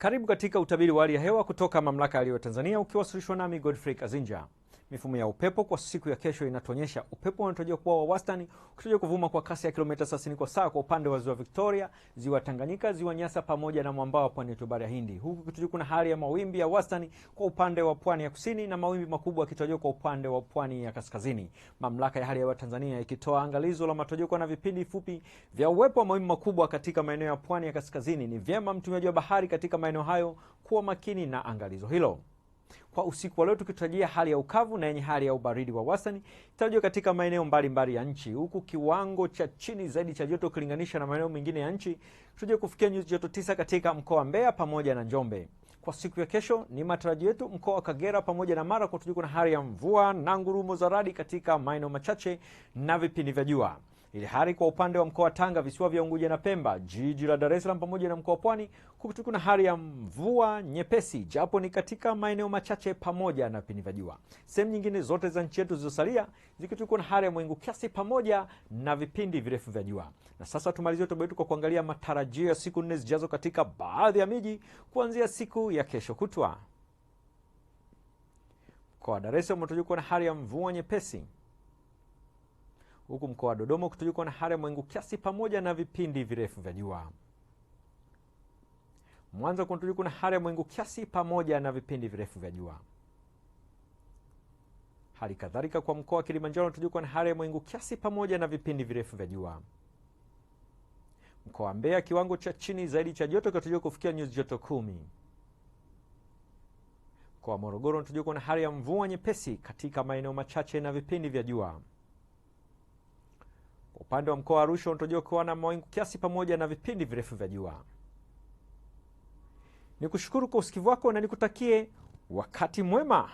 Karibu katika utabiri wa hali ya hewa kutoka mamlaka ya Tanzania ukiwasilishwa nami Godfrey Kazinja. Mifumo ya upepo kwa siku ya kesho inatuonyesha upepo unatarajiwa kuwa wa wastani ukitarajiwa kuvuma kwa kasi ya kilomita 30 kwa saa kwa upande wa ziwa Victoria, ziwa Tanganyika, ziwa Nyasa pamoja na mwambao wa pwani ya Bahari ya Hindi, huku kutarajiwa kuna hali ya mawimbi ya wastani kwa upande wa pwani ya kusini na mawimbi makubwa yakitarajiwa kwa upande wa pwani ya kaskazini. Mamlaka ya hali ya hewa Tanzania ikitoa angalizo la matarajio kuwa na vipindi fupi vya uwepo wa mawimbi makubwa katika maeneo ya pwani ya kaskazini. Ni vyema mtumiaji wa bahari katika maeneo hayo kuwa makini na angalizo hilo. Kwa usiku wa leo tukitarajia hali ya ukavu na yenye hali ya ubaridi wa wastani tarajiwa katika maeneo mbalimbali ya nchi, huku kiwango cha chini zaidi cha joto ukilinganisha na maeneo mengine ya nchi tuje kufikia nyuzi joto tisa katika mkoa wa Mbeya pamoja na Njombe. Kwa siku ya kesho ni matarajio yetu mkoa wa Kagera pamoja na Mara kutujua kuna hali ya mvua na ngurumo za radi katika maeneo machache na vipindi vya jua ilihari kwa upande wa mkoa wa Tanga, visiwa vya Unguja na Pemba, jiji la Dar es Salaam pamoja na mkoa wa Pwani na hali ya mvua nyepesi, japo ni katika maeneo machache pamoja na vipindi vya jua. Sehemu nyingine zote za nchi yetu zilizosalia zikitukua na hali ya mawingu kiasi pamoja na vipindi virefu vya jua. Na sasa tumalizie hotuba yetu kwa kuangalia matarajio ya siku nne zijazo katika baadhi ya miji kuanzia siku ya kesho kutwa. Mkoa wa Dar es Salaam unatarajiwa kuwa na hali ya mvua nyepesi huku mkoa wa Dodoma kutojukwa na hali ya mawingu kiasi pamoja na vipindi virefu vya jua. Mwanza kunatojukwa na hali ya mawingu kiasi pamoja na vipindi virefu vya jua. Hali kadhalika kwa mkoa wa Kilimanjaro kunatojukwa na hali ya mawingu kiasi pamoja na vipindi virefu vya jua. Mkoa wa Mbeya kiwango cha chini zaidi cha joto kinatarajiwa kufikia nyuzi joto kumi. Mkoa wa Morogoro unatarajiwa kuwa na hali ya mvua nyepesi katika maeneo machache na vipindi vya jua upande wa mkoa wa Arusha unatarajiwa kuwa na mawingu kiasi pamoja na vipindi virefu vya jua. Nikushukuru kwa usikivu wako na nikutakie wakati mwema.